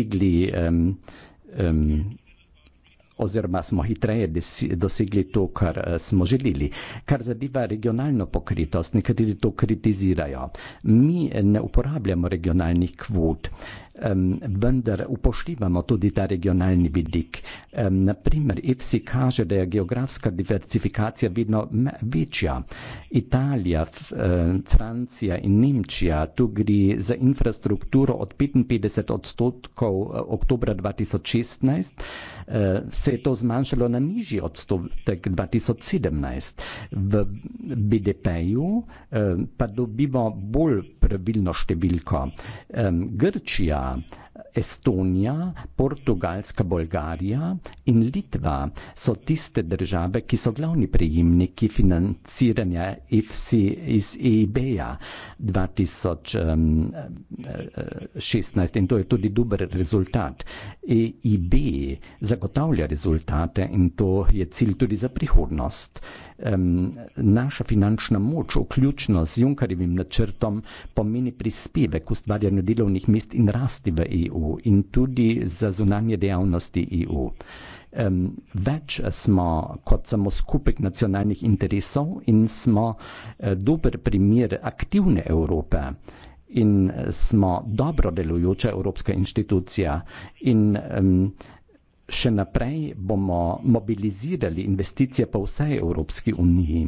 dosegli, um, um, oziroma smo hitreje dosegli to, kar eh, smo želeli. Kar zadeva regionalno pokritost, nekateri to kritizirajo. Mi ne uporabljamo regionalnih kvot um, vendar upoštevamo tudi ta regionalni vidik. Um, naprimer, EFSI kaže, da je geografska diversifikacija vedno večja. Italija, f, uh, Francija in Nemčija, tu gre za infrastrukturo od 55 odstotkov e, oktobra 2016, uh, e, se je to zmanjšalo na nižji odstotek 2017. V BDP-ju uh, pa dobimo bolj pravilno številko. Um, Grčija, Estonija, Portugalska, Bolgarija in Litva so tiste države, ki so glavni prejemniki financiranja IFSI iz EIB-a 2016 in to je tudi dober rezultat. EIB zagotavlja rezultate in to je cilj tudi za prihodnost um, naša finančna moč, vključno z Junkarjevim načrtom, pomeni prispevek k ustvarjanju delovnih mest in rasti v EU in tudi za zunanje dejavnosti EU. Um, več smo kot samo skupek nacionalnih interesov in smo uh, dober primer aktivne Evrope. In eh, smo dobro delujoča evropska inštitucija, in um, Še naprej bomo mobilizirali investicije po vsej Evropski uniji.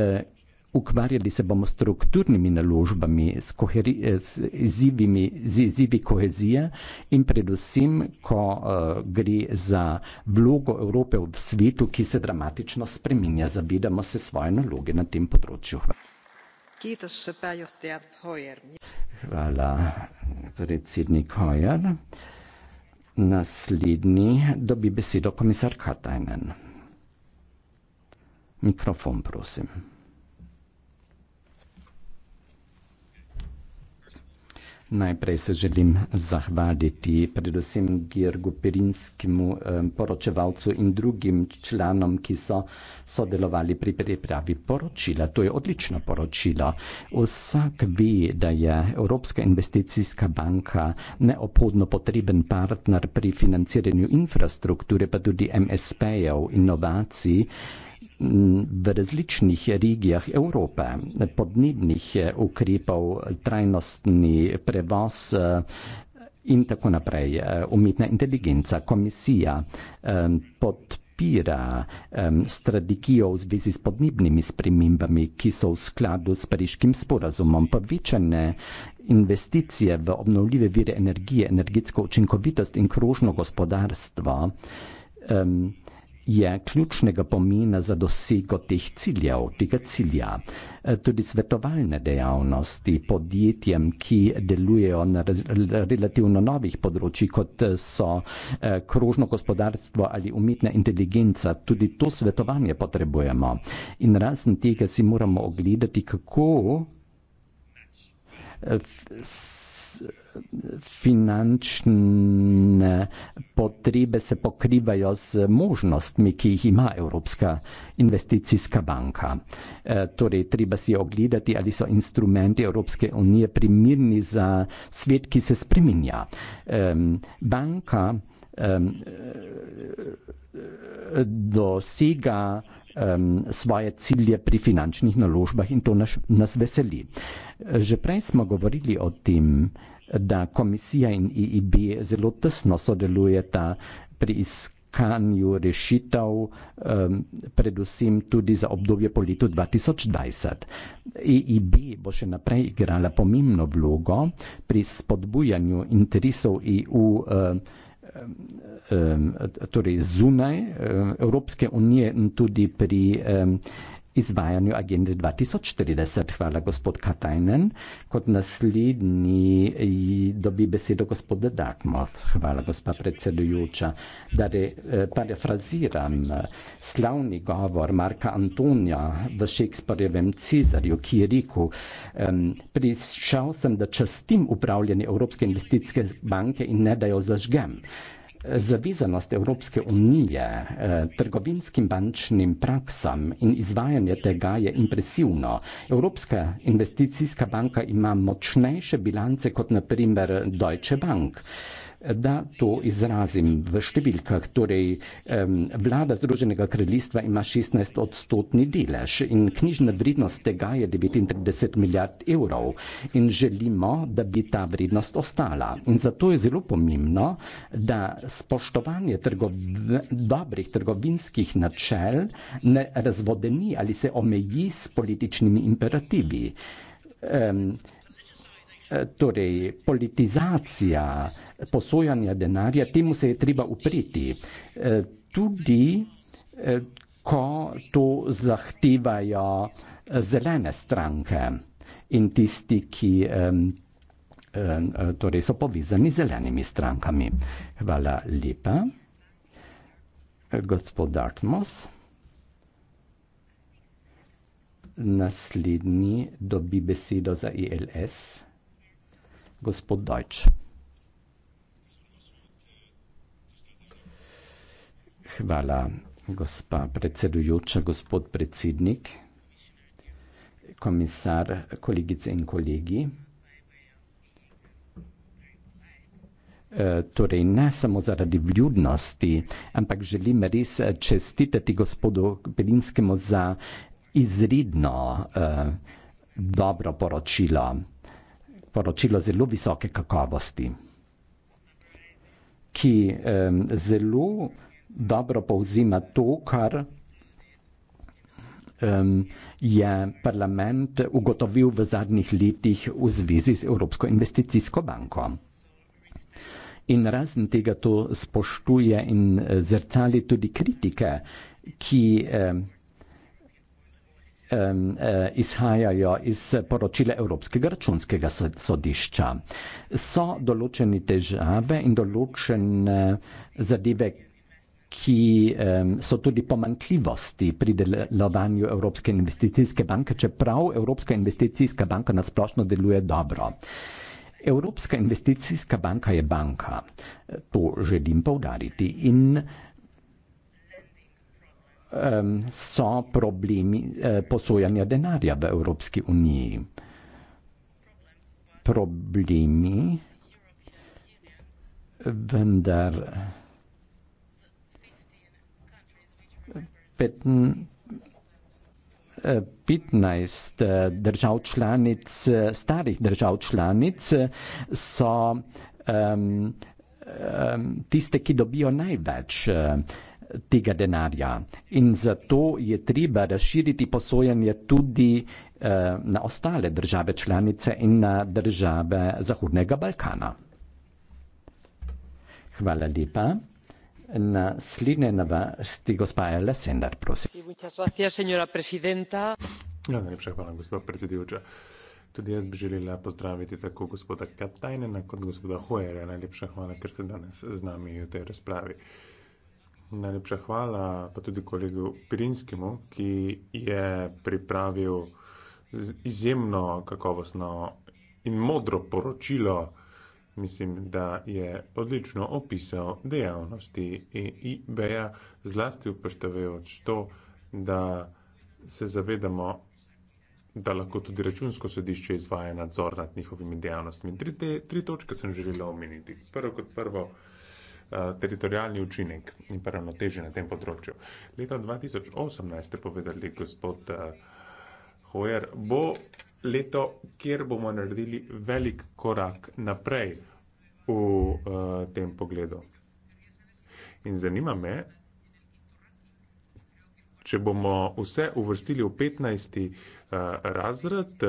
E, ukvarjali se bomo s strukturnimi naložbami, z, z, eh, izzivimi, z izzivi kohezije in predvsem, ko e, gre za vlogo Evrope v svetu, ki se dramatično spreminja. Zavedamo se svoje naloge na tem področju. Hvala, predsednik Hojer. Naslednji dobi besedo komisar Katajnen. Mikrofon, prosim. Najprej se želim zahvaliti predvsem Girgu Perinskemu, poročevalcu in drugim članom, ki so sodelovali pri pripravi poročila. To je odlično poročilo. Vsak ve, da je Evropska investicijska banka neophodno potreben partner pri financiranju infrastrukture, pa tudi MSP-jev, inovacij v različnih regijah Evrope podnebnih eh, ukrepov, trajnostni prevoz eh, in tako naprej. Eh, umetna inteligenca, komisija podpira strategijo v zvezi s podnebnimi spremembami, ki so v skladu s pariškim sporazumom povečane investicije v obnovljive vire energije, energetsko učinkovitost in krožno gospodarstvo je ključnega pomena za dosego teh ciljev, tega cilja. E, tudi svetovalne dejavnosti podjetjem, ki delujejo na relativno novih področjih, kot e, so e, krožno gospodarstvo ali umetna inteligenca, tudi to svetovanje potrebujemo. In razen tega si moramo ogledati, kako finančne potrebe se pokrivajo z možnostmi, ki jih ima Evropska investicijska banka. E, torej, treba si ogledati, ali so instrumenti Evropske unije primirni za svet, ki se spreminja. E, banka e, dosega Um, svoje cilje pri finančnih naložbah in to naš, nas veseli. E, že prej smo govorili o tem, da komisija in IIB e e zelo tesno sodelujeta pri iskanju rešitev, um, predvsem tudi za obdobje po letu 2020. IIB e bo še naprej igrala pomembno vlogo pri spodbujanju interesov EU. Uh, um, um, Torej, zunaj um, Evropske unije, in tudi pri izvajanju agende 2040. Hvala, gospod Katajnen. Kot naslednji dobi besedo gospod Dagmoth. Hvala, gospa predsedujoča. Da re, eh, parafraziram eh, slavni govor Marka Antonija v Šekspirjevem Cezarju, ki je rekel, um, prišel sem, da častim upravljanje Evropske investicijske banke in ne da jo zažgem. Zavezanost Evropske unije eh, trgovinskim bančnim praksam in izvajanje tega je impresivno. Evropska investicijska banka ima močnejše bilance kot naprimer Deutsche Bank da to izrazim v številkah. Torej, um, vlada Združenega kraljestva ima 16 odstotni delež in knjižna vrednost tega je 39 milijard evrov in želimo, da bi ta vrednost ostala. In zato je zelo pomembno, da spoštovanje trgov dobrih trgovinskih načel ne razvodeni ali se omeji s političnimi imperativi. Um, Eh, torej politizacija posojanja denarja, temu se je treba upriti. Eh, tudi, eh, ko to zahtevajo zelene stranke in tisti, ki torej so povezani z zelenimi strankami. Hvala lepa. Gospod Dartmouth. Naslednji dobi besedo za ILS. E gospod Dajč. Hvala, gospa predsedujoča, gospod predsednik, komisar, kolegice in kolegi. E, torej, ne samo zaradi vljudnosti, ampak želim res e, čestitati gospodu Belinskemu za izredno e, dobro poročilo poročilo zelo visoke kakovosti, ki eh, zelo dobro povzima to, kar eh, je parlament ugotovil v zadnjih letih v zvezi z Evropsko investicijsko banko. In razen tega to spoštuje in eh, zrcali tudi kritike, ki. Eh, E, izhajajo iz poročila Evropskega računskega sodišča. So določene težave in določene zadeve, ki so tudi pomankljivosti pri delovanju Evropske investicijske banke, čeprav Evropska investicijska banka nasplošno deluje dobro. Evropska investicijska banka je banka, to želim povdariti, in um, so problemi uh, posojanja denarja v Evropski uniji. Problemi, vendar 15 e, e, držav članic, starih držav članic so um, um, tiste, ki dobijo največ. Uh, tega denarja. In zato je treba razširiti posojanje tudi eh, na ostale države članice in na države Zahodnega Balkana. Hvala lepa. Naslednja na vrsti gospa Ela Sendar, prosim. Ja, najlepša hvala, gospod predsedujoča. Tudi jaz bi želela pozdraviti tako gospoda Katajnena kot gospoda Hojera. Najlepša hvala, ker ste danes z nami v tej razpravi. Uh, Najlepša hvala pa tudi kolegu Pirinskemu, ki je pripravil izjemno kakovostno in modro poročilo. Mislim, da je odlično opisal dejavnosti EIB-ja, zlasti upoštevajoč to, da se zavedamo, da lahko tudi računsko sodišče izvaja nadzor nad njihovimi dejavnostmi. Tri, te, tri točke sem želela omeniti. Prvo kot prvo. Eh, teritorijalni učinek in ravnoteže na tem področju. Leta 2018 ste povedali, gospod uh, Hojer, bo leto, kjer bomo naredili velik korak naprej v uh, tem pogledu. In zanima me, če bomo vse uvrstili v 15. razred,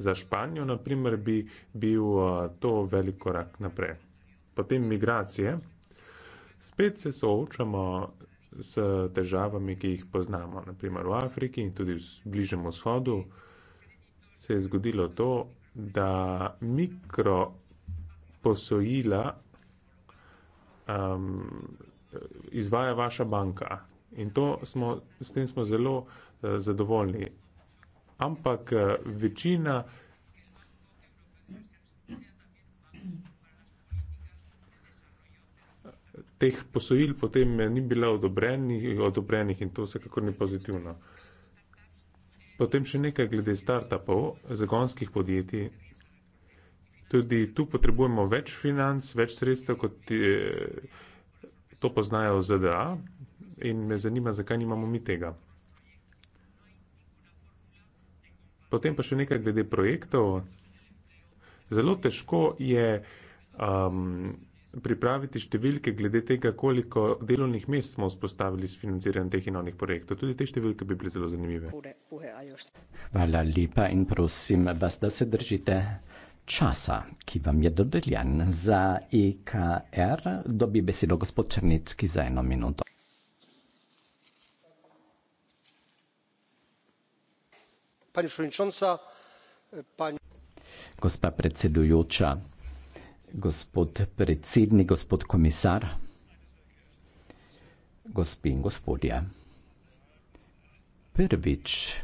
za Španijo, naprimer, bi bil to velik korak naprej. Potem migracije spet se soočamo s težavami, ki jih poznamo. Naprimer v Afriki in tudi v bližnjem vzhodu se je zgodilo to, da mikroposojila um, izvaja vaša banka. In to smo, s tem smo zelo uh, zadovoljni. Ampak uh, večina uh, teh posojil potem ni bila odobrenih, odobrenih in to vsekakor ni pozitivno. Potem še nekaj glede startupov, zagonskih podjetij. Tudi tu potrebujemo več financ, več sredstev, kot eh, to poznajo ZDA in me zanima, zakaj nimamo mi tega. Potem pa še nekaj glede projektov. Zelo težko je um, pripraviti številke glede tega, koliko delovnih mest smo vzpostavili s financiranjem teh in onih projektov. Tudi te številke bi bile zelo zanimive. Hvala lepa in prosim vas, da se držite časa, ki vam je dodeljen za IKR. E dobi besedo gospod Črnecki za eno minuto. Gospa predsedujoča, gospod predsednik, gospod komisar, gospe in gospodje. Prvič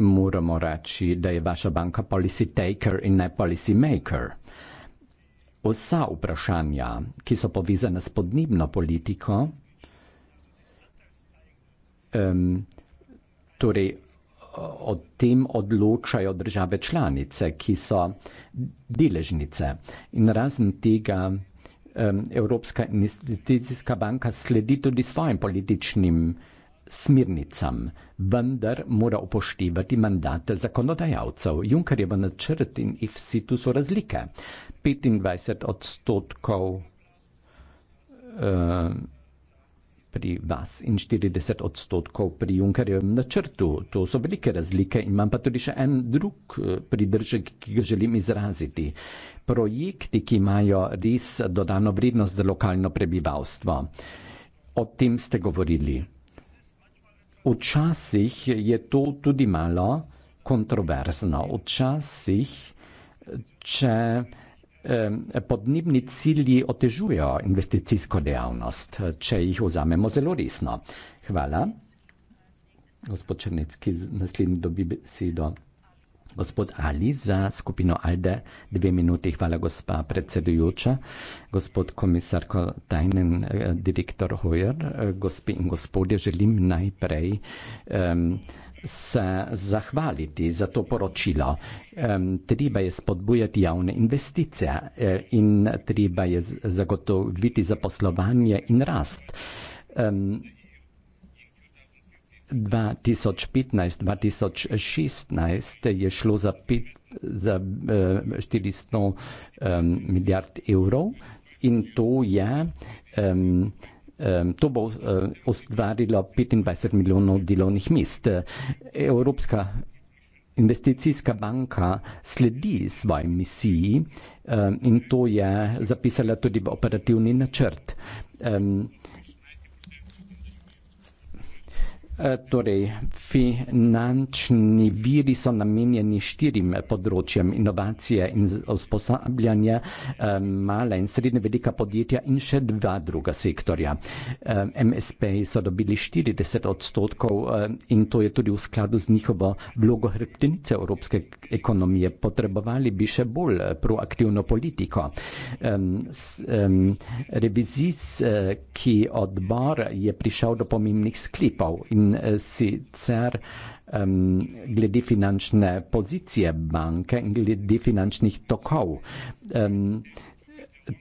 moramo reči, da je vaša banka policy taker in ne policy maker. Vsa vprašanja, ki so povezane s podnebno politiko, um, torej o tem odločajo države članice, ki so deležnice. In razen tega Evropska investicijska banka sledi tudi svojim političnim smirnicam, vendar mora upoštevati mandate zakonodajalcev. Junkerjeva načrt in IFSI tu so razlike. 25 odstotkov. Uh, pri vas in 40 odstotkov pri Junkerjevem načrtu. To so velike razlike in imam pa tudi še en drug eh, pridržek, ki ga želim izraziti. Projekti, ki imajo res dodano vrednost za lokalno prebivalstvo. O tem ste govorili. Včasih je to tudi malo kontroverzno. Včasih, če. Eh, podnebni cilji otežujejo investicijsko dejavnost, eh, če jih vzamemo zelo resno. Hvala. Gospod Črnecki, naslednji dobi besedo. Gospod Ali za skupino Alde, dve minuti. Hvala, gospa predsedujoča, gospod komisar Kotajnen, eh, direktor Hojer, gospe in gospodje, želim najprej. Um, se zahvaliti za to poročilo. Treba je spodbujati javne investicije e, in treba je zagotoviti zaposlovanje in rast. 2015-2016 je šlo za, pet, za 400 e, um, milijard evrov in to je um, Ehm, to bo eh, ustvarilo 25 milijonov delovnih mest. Evropska investicijska banka sledi svoji misiji ehm, in to je zapisala tudi v operativni načrt. Ehm, Eh, torej, finančni viri so namenjeni štirim področjem inovacije in usposabljanja, eh, mala in srednje velika podjetja in še dva druga sektorja. Eh, MSP so dobili 40 odstotkov in to je tudi v skladu z njihovo vlogo hrbtenice evropske ekonomije. Potrebovali bi še bolj proaktivno politiko. Revizijski odbor je prišel do pomembnih sklepov in Eh, sicer um, glede finančne pozicije banke in glede finančnih tokov. Um,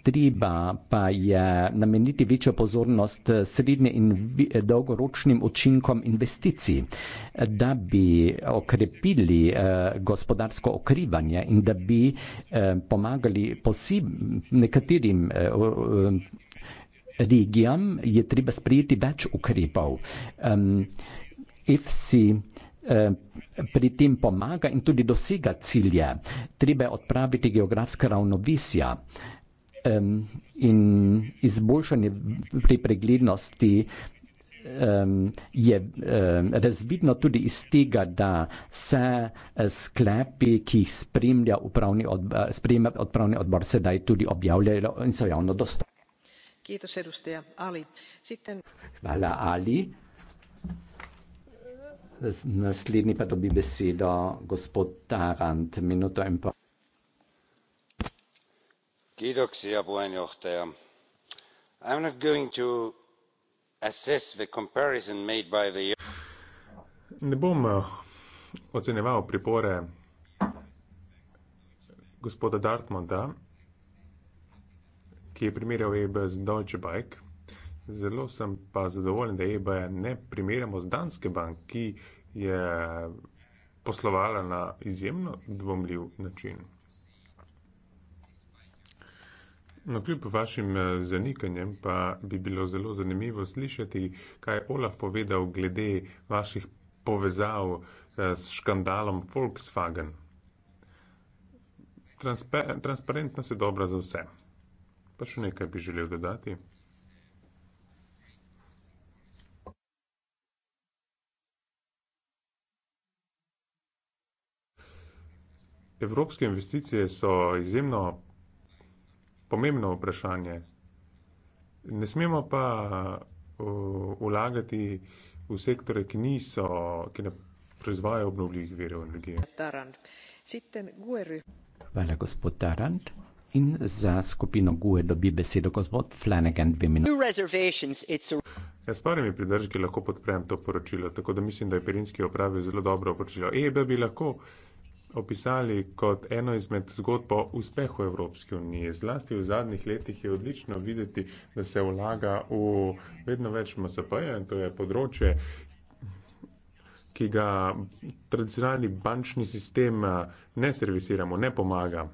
Treba pa je nameniti večjo pozornost eh, srednje in eh, dolgoročnim učinkom investicij, da bi okrepili gospodarsko okrivanje in da bi pomagali posib, nekaterim regijam je treba sprejeti več ukrepov. Um, EFSI uh, pri tem pomaga in tudi dosega cilje. Treba je odpraviti geografska ravnovesja um, in izboljšanje pri preglednosti. Je razvidno tudi iz tega, da se eh, sklepi, ki jih spremlja upravni odbor, sedaj tudi objavljajo in so javno dostopni. Hvala, Ali. naslednji pa dobi besedo gospod Tarant, minuto in pol. Kiitoksia, puheenjohtaja. I'm not going to assess the comparison made by the. Ne bom, eh, ocenjeval pripore gospoda Dartmouta, ki je primerjal EB z Deutsche Bank. Zelo sem pa zadovoljen, da EB ne primerjamo z Danske Bank, ki je poslovala na izjemno dvomljiv način. No, kljub vašim eh, zanikanjem pa bi bilo zelo zanimivo slišati, kaj je Olaf povedal glede vaših povezav eh, s škandalom Volkswagen. Transpe transparentnost je dobra za vse. Pa še nekaj bi želel dodati. Evropske investicije so izjemno pomembno vprašanje. Ne smemo pa ulagati v sektore, ki niso, ki ne proizvajajo obnovljivih verov energije. Hvala, gospod Tarant. In za skupino GUE dobi besedo gospod Flanagan, dve minuti. Ja, s prvimi pridržki lahko podprem to poročilo, tako da mislim, da je Perinski opravil zelo dobro poročilo. EIB bi lahko opisali kot eno izmed zgodb o uspehu Evropske unije. Zlasti v zadnjih letih je odlično videti, da se vlaga v vedno več MSP-ja in to je področje, ki ga tradicionalni bančni sistem eh, ne servisiramo, ne pomaga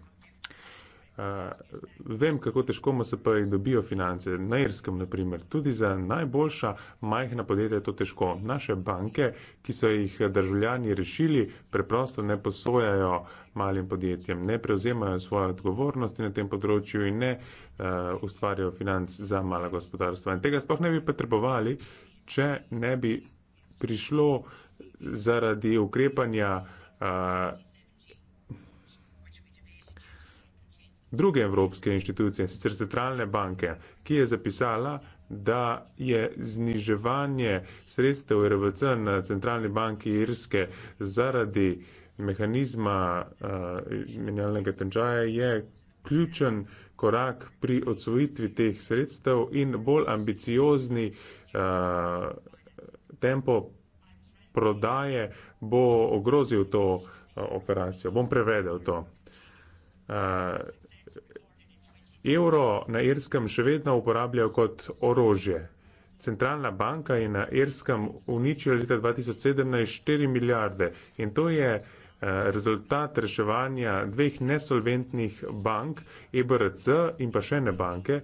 vem, kako težko MSP dobijo finance. Na Irskem, naprimer, tudi za najboljša majhna podjetja je to težko. Naše banke, ki so jih državljani rešili, preprosto ne posojajo malim podjetjem, ne prevzemajo svoje odgovornosti na tem področju in ne uh, ustvarjajo financ za mala gospodarstva. In tega sploh ne bi potrebovali, če ne bi prišlo zaradi ukrepanja uh, druge evropske institucije, sicer centralne banke, ki je zapisala, da je zniževanje sredstev RVC na centralni banki Irske zaradi mehanizma uh, menjalnega tenčaja je ključen korak pri odsvojitvi teh sredstev in bolj ambiciozni uh, tempo prodaje bo ogrozil to uh, operacijo. Bom prevedel to. Uh, Evro na Irskem še vedno uporabljajo kot orožje. Centralna banka je na Irskem uničila leta 2017 4 milijarde in to je eh, rezultat reševanja dveh nesolventnih bank, EBRC in pa še ne banke.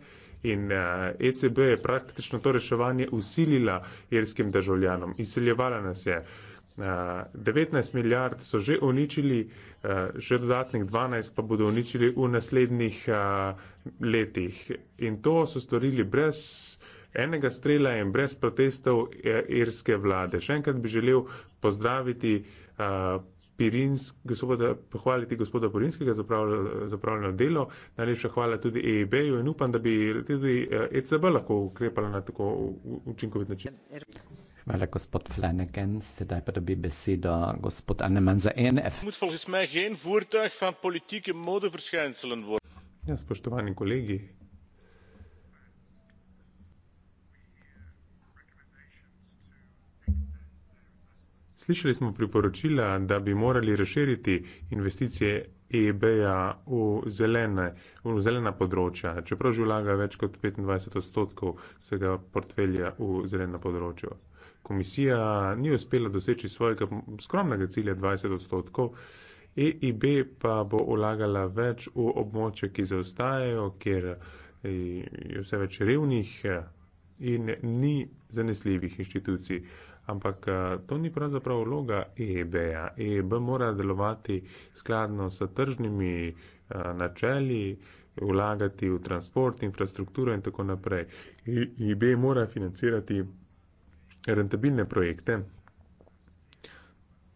In ECB eh, e je praktično to reševanje usilila irskim državljanom, izseljevala nas je. 19 eh, milijard so že uničili, eh, še dodatnih 12 pa bodo uničili v naslednjih eh, letih. In to so storili brez enega strela in brez protestov irske vlade. Še enkrat bi želel pozdraviti, Pirinsk, gospoda, pohvaliti gospoda Porinskega za pravljeno delo. Najlepša hvala tudi EIB-ju in upam, da bi tudi ECB e lahko ukrepala na tako učinkovit način. Er, er. Hvala, gospod Flanagan. Sedaj pa dobi besedo gospod Anneman za ENF. Moet volgens mij geen voertuig van politieke modeverschijnselen worden. Ja, spoštovani kolegi. Slišali smo priporočila, da bi morali razširiti investicije EIB-ja v, v zelena področja, čeprav že vlaga več kot 25 odstotkov svega portfelja v zelena področja komisija ni uspela doseči svojega skromnega cilja 20 odstotkov, EIB pa bo ulagala več v območje, ki zaostajajo, kjer eh, je vse več revnih eh, in ni zanesljivih inštitucij. Ampak eh, to ni pravzaprav vloga EIB-ja. EIB mora delovati skladno s tržnimi načeli, ulagati v transport, infrastrukturo in tako naprej. EIB mora financirati rentabilne projekte,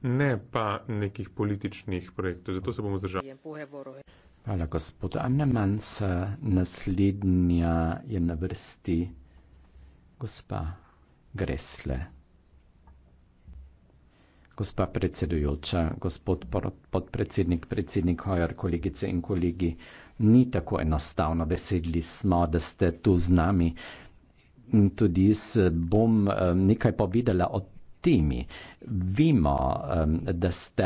ne pa nekih političnih projektov. Zato se bomo zdržali. Hvala, gospod Anneman. Naslednja je na vrsti gospa Gresle. Gospa predsedujoča, gospod podpredsednik, predsednik Hojar, kolegice in kolegi, ni tako enostavno. Veseli smo, da ste tu z nami tudi jaz eh, bom eh, nekaj povedala o temi. Vemo, eh, da ste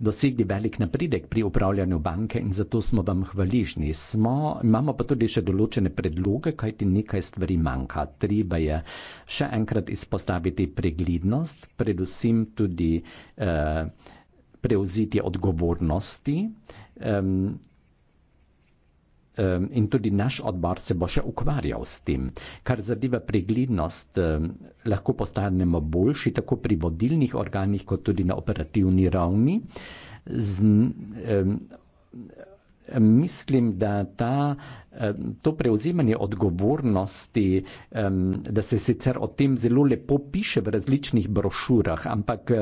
dosegli velik napredek pri upravljanju banke in zato smo vam hvaležni. Smo, imamo pa tudi še določene predloge, kaj ti nekaj stvari manjka. Treba je še enkrat izpostaviti preglednost, predvsem tudi eh, prevzeti odgovornosti. Eh, Ehm, in tudi naš odbor se bo še ukvarjal s tem. Kar zadeva preglednost, ehm, lahko postanemo boljši tako pri vodilnih organih, kot tudi na operativni ravni. Z, ehm, Mislim, da ta, to prevzemanje odgovornosti, da se sicer o tem zelo lepo piše v različnih brošurah, ampak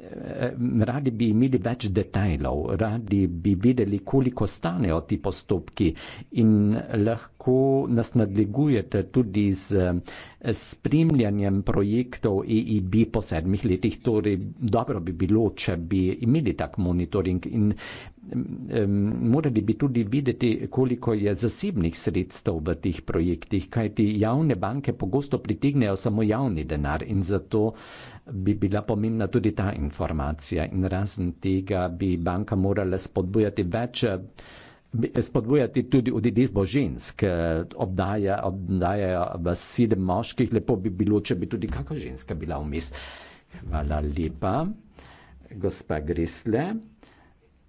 Eh, radi bi imeli več detajlov, radi bi videli, koliko stanejo ti postopki in lahko nas nadlegujete tudi z eh, spremljanjem projektov EIB po sedmih letih. Torej, dobro bi bilo, če bi imeli tak monitoring in um, morali bi tudi videti, koliko je zasebnih sredstev v teh projektih, kajti javne banke pogosto pritegnejo samo javni denar in zato bi bila pomembna tudi ta informacija in razen tega bi banka morala spodbujati več. Spodbujati tudi udeležbo žensk, obdaja, obdaja v sedem moških, lepo bi bilo, če bi tudi kakšna ženska bila vmes. Hvala lepa, gospa Gresle.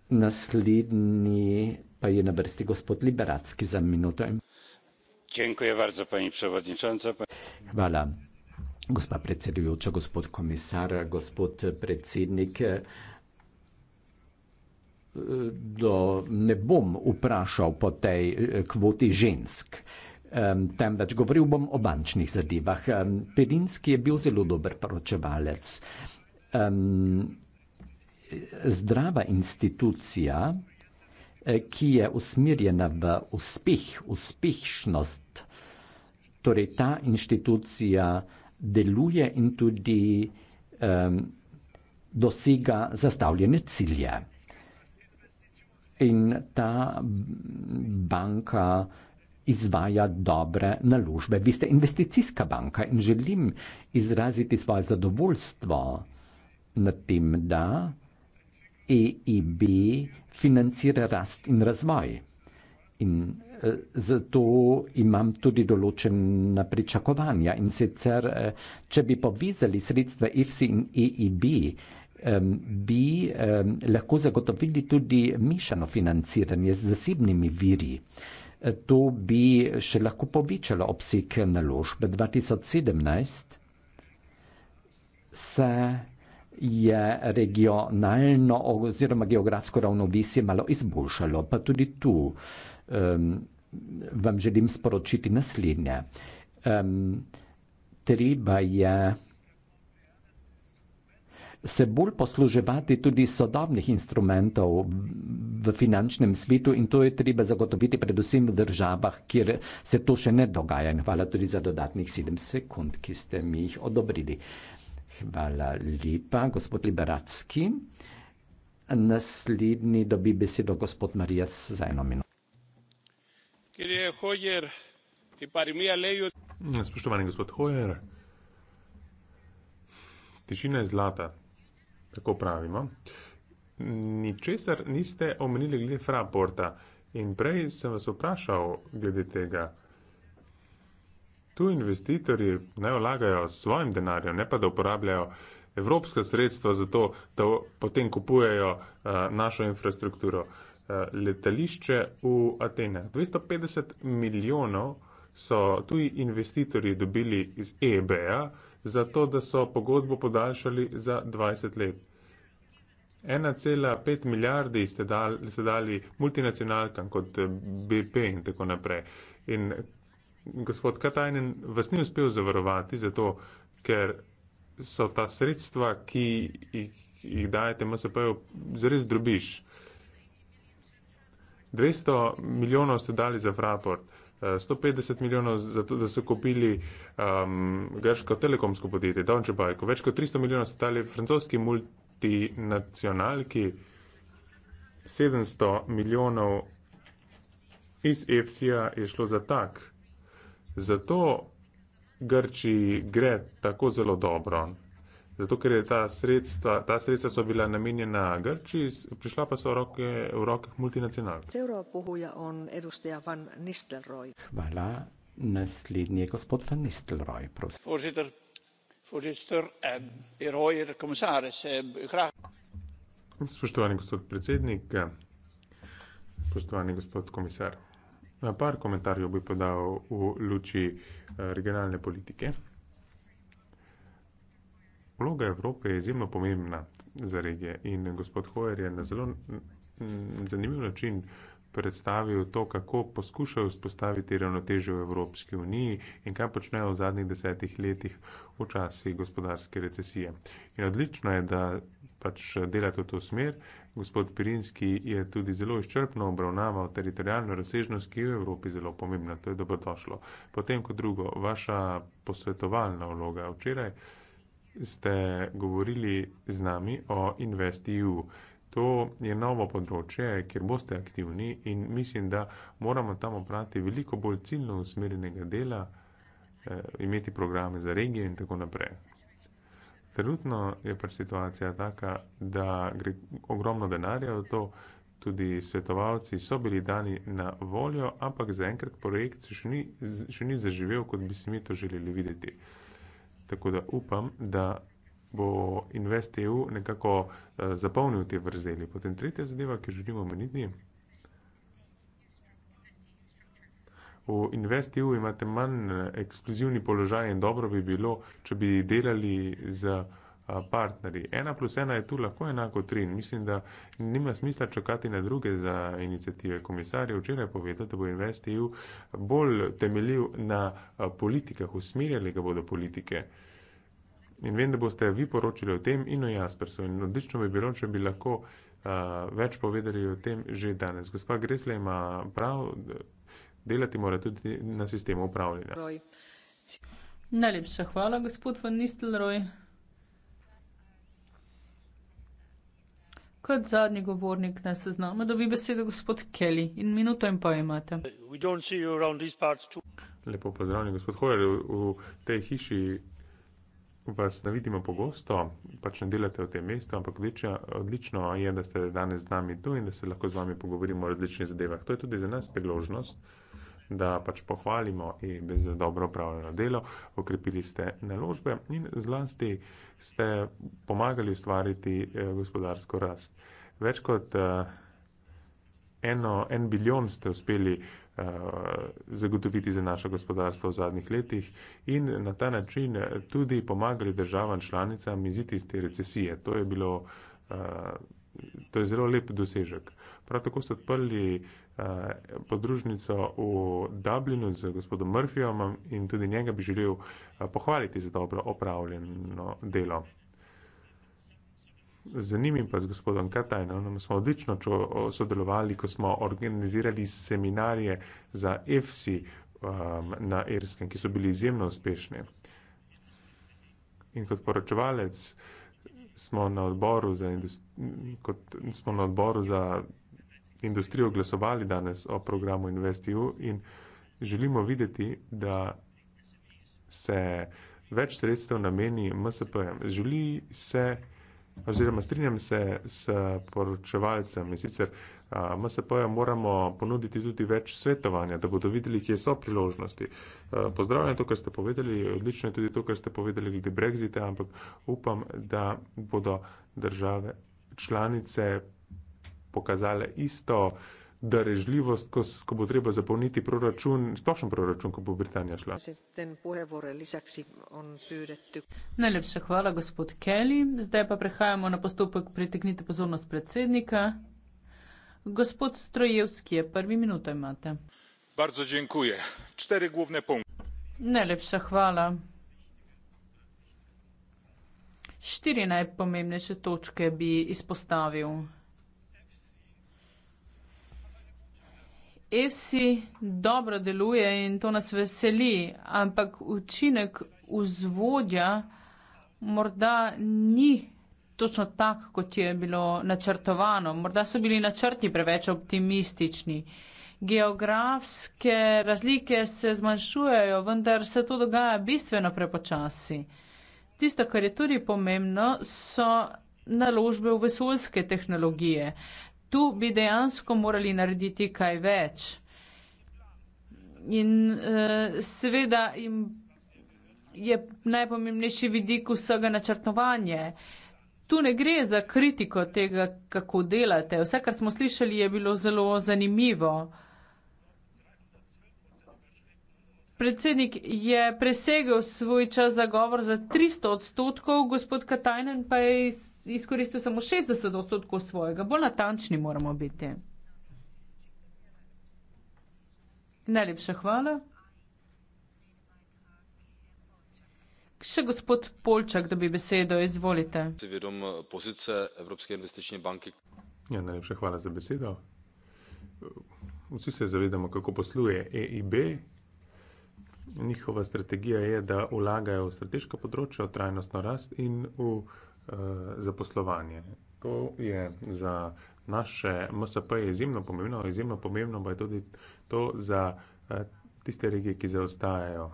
Naslednji pa je na vrsti gospod Liberacki za minuto. Hvala. Gospa predsedujoča, gospod komisar, gospod predsednik, do, ne bom vprašal po tej eh, kvoti žensk, temveč govoril bom o bančnih zadevah. Pedinski je bil zelo dober poročevalec. Zdrava institucija, eh, ki je usmerjena v uspeh, uspešnost, torej ta institucija, deluje in tudi um, dosega zastavljene cilje. In ta banka izvaja dobre naložbe. Vi ste investicijska banka in želim izraziti svoje zadovoljstvo nad tem, da EIB financira rast in razvoj. In zato imam tudi določena pričakovanja. In sicer, eh, če bi povezali sredstva IFSI in EIB, bi lahko zagotovili tudi mešano financiranje z zasebnimi viri. Eh, to bi še lahko povečalo obseg naložb. 2017 se je regionalno oziroma geografsko ravnovesje malo izboljšalo, pa tudi tu uh, um, vam želim sporočiti naslednje. Um, treba je se bolj posluževati tudi sodobnih instrumentov v finančnem svetu in to je treba zagotoviti predvsem v državah, kjer se to še ne dogaja. Hvala tudi za dodatnih sedem sekund, ki ste mi jih odobrili. Hvala lepa, gospod Liberacki. Naslednji dobi besedo gospod Marijas za eno minuto. Spoštovani gospod Hoyer, tišina je zlata, tako pravimo. Ničesar niste omenili glede Fraporta in prej sem vas vprašal glede tega. Tu investitorji naj vlagajo s svojim denarjem, ne pa da uporabljajo evropska sredstva za to, da potem kupujejo uh, našo infrastrukturo. Uh, Eh, letališče v Atenah. 250 milijonov so tuji investitorji dobili iz EBA, zato da so pogodbo podaljšali za 20 let. 1,5 milijardi ste dali, ste dali multinacionalkam kot eh, BP in tako naprej. In gospod Katajnen vas ni uspel zavarovati, zato ker so ta sredstva, ki jih, jih dajete MSP-ju, zares drobiš. 200 milijonov ste dali za Fraport, 150 eh, milijonov za to, da so kupili um, grško telekomsko podjetje, Deutsche Bank, več kot 300 milijonov ste dali francoski multinacionalki, 700 milijonov iz EFSI-ja je šlo za tak. Zato Grči gre tako zelo dobro. Zato, ker je ta sredstva, ta sredstva so bila namenjena Grči, prišla pa so v roke, v roke multinacional. Hvala. Naslednji je gospod Van Nistelrooy, prosim. Požitr. Eh, eh, spoštovani gospod predsednik, eh, spoštovani gospod komisar, par komentarjev bi podal v luči regionalne politike. Vloga Evrope je izjemno pomembna za regije in gospod Hojer je na zelo zanimiv način predstavil to, kako poskušajo vzpostaviti ravnotežje v Evropski uniji in kaj počnejo v zadnjih desetih letih v časih gospodarske recesije. In odlično je, da pač delate v to smer. Gospod Pirinski je tudi zelo izčrpno obravnaval teritorijalno razsežnost, ki je v Evropi zelo pomembna. To je dobrodošlo. Potem kot drugo, vaša posvetovalna vloga včeraj. Uh, ste govorili z nami o InvestEU. To je novo področje, kjer boste aktivni in mislim, da moramo tam opraviti veliko bolj ciljno usmerjenega dela, eh, imeti programe za regije in tako naprej. Trenutno je pač situacija taka, da gre ogromno denarja v to, tudi svetovalci so bili dani na voljo, ampak zaenkrat projekt se še ni, še ni zaživel, kot bi si mi to želeli videti. Eh, Tako da upam, da bo InvestEU nekako uh, zapolnil te vrzeli. Potem tretja zadeva, ki jo želimo omeniti. V InvestEU imate manj eh, ekskluzivni položaj in dobro bi bilo, če bi delali za partnerji. Ena plus ena je tu lahko enako tri. Mislim, da nima smisla čakati na druge za inicijative. Komisar je včeraj povedal, da bo InvestEU bolj temeljil na politikah, usmirjali ga bodo politike. In vem, da boste vi poročili o tem in o Jaspersu. In odlično bi bilo, če bi lahko uh, več povedali o tem že danes. Gospa Gresla ima prav, delati mora tudi na sistemu upravljanja. Najlepša hvala, gospod Van Nistelrooy. kot zadnji govornik na seznamu dobi besedo gospod Kelly in minuto in pa imate. Lepo pozdravljen, gospod Hojer, v tej hiši vas ne vidimo pogosto, pač ne delate v tem mestu, ampak večja, odlično je, da ste danes z nami tu in da se lahko z vami pogovorimo o različnih zadevah. To je tudi za nas priložnost da pač pohvalimo EIB za dobro upravljeno delo, okrepili ste naložbe in zlasti ste pomagali ustvariti eh, gospodarsko rast. Več kot eh, eno, en bilijon ste uspeli eh, zagotoviti za naše gospodarstvo v zadnjih letih in na ta način tudi pomagali državam članicam iziti iz te recesije. To je bilo. To je zelo lep dosežek. Prav tako ste odprli Eh, podružnico v Dublinu z gospodom Murphyjem um, in tudi njega bi želel eh, pohvaliti za dobro opravljeno delo. Zanimim pa z gospodom Katajnom, nam smo odlično sodelovali, ko smo organizirali seminarije za EFSI um, na Irskem, ki so bili izjemno uspešni. In kot poročevalec smo na odboru za, industri, kot, smo na odboru za industrijo glasovali danes o programu InvestEU in želimo videti, da se več sredstev nameni MSP-jem. Želi se, oziroma strinjam se s poročevalcem in sicer MSP-jem moramo ponuditi tudi več svetovanja, da bodo videli, kje so priložnosti. Pozdravljam to, kar ste povedali, odlično je tudi to, kar ste povedali glede Brexita, ampak upam, da bodo države članice pokazale isto darežljivost, ko, ko bo treba zapolniti proračun, splošen proračun, ko bo Britanija šla. Najlepša hvala, gospod Kelly. Zdaj pa prehajamo na postopek priteknite pozornost predsednika. Gospod Strojevski je prvi minuto imate. Bardzo dziękuję. Cztery główne punkty. Najlepsza chwala. Cztery najpomniejsze toczki by ispostawił. EFSI dobro deluje in to nas veseli, ampak učinek vzvodja morda ni točno tak, kot je bilo načrtovano. Morda so bili načrti preveč optimistični. Geografske razlike se zmanjšujejo, vendar se to dogaja bistveno prepočasi. Tisto, kar je tudi pomembno, so naložbe v vesoljske tehnologije tu bi dejansko morali narediti kaj več. In uh, seveda jim je najpomembnejši vidik vsega načrtovanje. Tu ne gre za kritiko tega, kako delate. Vse, kar smo slišali, je bilo zelo zanimivo. Predsednik je presegel svoj čas za govor za 300 odstotkov, gospod Katajnen pa je iz izkoristil samo 60 odstotkov svojega. Bolj natančni moramo biti. Najlepša hvala. Še gospod Polčak, da bi besedo izvolite. Se vedom eh, pozice Evropske investične banke. Ja, najlepša hvala za besedo. Vsi se zavedamo, kako posluje EIB. Njihova strategija je, da vlagajo v strateško področje, v trajnostno rast in v Eh, zaposlovanje. To je za naše MSP izjemno pomembno, izjemno pomembno pa je tudi to za eh, tiste regije, ki zaostajajo.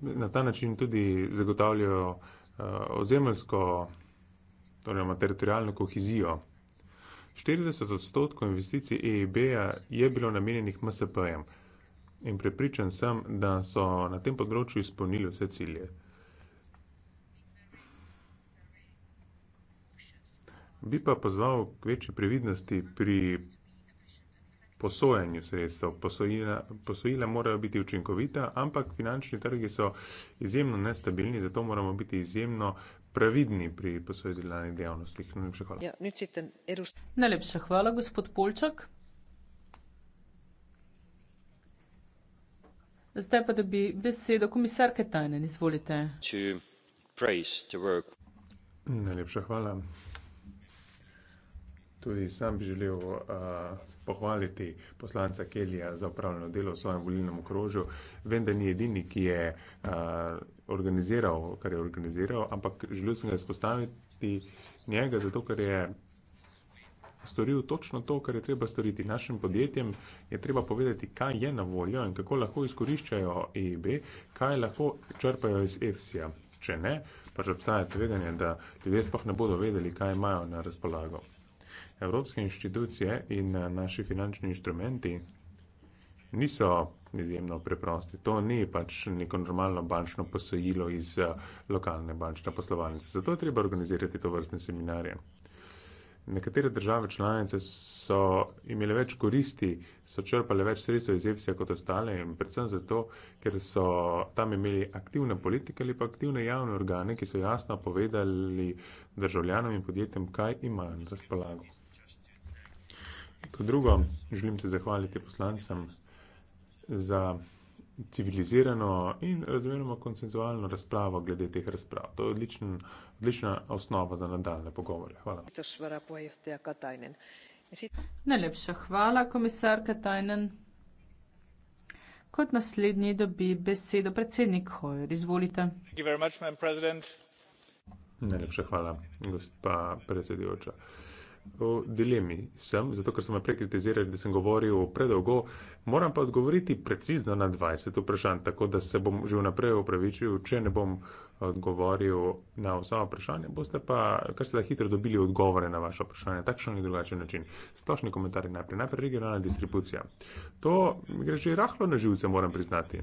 Na ta način tudi zagotavljajo eh, ozemljsko, torej teritorijalno kohezijo. 40 odstotkov investicij EIB-ja je bilo namenjenih MSP-jem in prepričan sem, da so na tem področju izpolnili vse cilje. Bi pa pozval k večji previdnosti pri posojanju sredstev. Posojila, posojila morajo biti učinkovita, ampak finančni trgi so izjemno nestabilni, zato moramo biti izjemno previdni pri posojilani dejavnosti. Najlepša hvala. Ja, Najlepša hvala, gospod Polčak. Zdaj pa, da bi besedo komisarke Tajnen, izvolite. Najlepša hvala. Tudi sam bi želel uh, pohvaliti poslanca Kelija za upravljeno delo v svojem volilnem okrožju. Vem, da ni edini, ki je uh, organiziral, kar je organiziral, ampak želel sem ga izpostaviti njega, zato ker je storil točno to, kar je treba storiti. Našim podjetjem je treba povedati, kaj je na voljo in kako lahko izkoriščajo EIB, e kaj lahko črpajo iz EFSI-ja. Če ne, pač obstaja tveganje, da ljudje sploh ne bodo vedeli, kaj imajo na razpolago. Evropske inštitucije in eh, naši finančni inštrumenti niso izjemno preprosti. To ni pač neko normalno bančno posojilo iz eh, lokalne bančne poslovalnice. Zato je treba organizirati to vrstne seminarje. Nekatere države članice so imele več koristi, so črpale več sredstev iz EFSA kot ostale in predvsem zato, ker so tam imeli aktivne politike ali pa aktivne javne organe, ki so jasno povedali državljanom in podjetjem, kaj imajo na razpolago. Kot drugo, želim se zahvaliti poslancem za civilizirano in razmeroma konsenzualno razpravo glede teh razprav. To je odličen, odlična osnova za nadaljne pogovore. Hvala. Najlepša hvala, komisar Katajnen. Kot naslednji dobi besedo predsednik Hojer. Izvolite. Najlepša hvala, gospa predsedujoča v dilemi sem, zato ker so me prej kritizirali, da sem govoril predolgo, moram pa odgovoriti precizno na 20 vprašanj, tako da se bom že vnaprej upravičil, če ne bom odgovoril na vsa vprašanja, boste pa kar se da hitro dobili odgovore na vaše vprašanje, takšen ali drugačen način. Splošni komentarji najprej, najprej regionalna distribucija. To gre že rahlo na živce, moram priznati.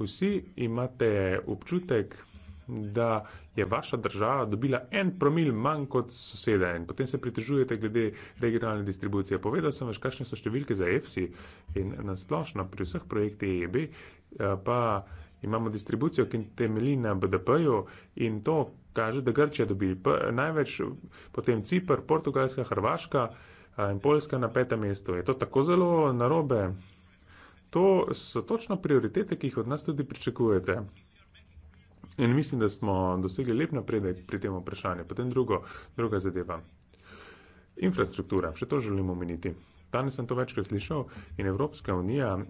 Vsi imate občutek, da je vaša država dobila en promil manj kot soseda in potem se pritežujete glede regionalne distribucije. Povedal sem vam, kakšne so številke za EFSI in nasplošno pri vseh projektih EEB, eh, pa imamo distribucijo, ki temelji na BDP-ju in to kaže, da Grčija dobi največ, potem Cipr, Portugalska, Hrvaška eh, in Poljska na petem mestu. Je to tako zelo narobe? To so točno prioritete, ki jih od nas tudi pričakujete. In mislim, da smo dosegli lep napredek pri tem vprašanju. Potem drugo, druga zadeva. Infrastruktura, še to želim omeniti. Danes sem to večkrat slišal in Evropska unija um,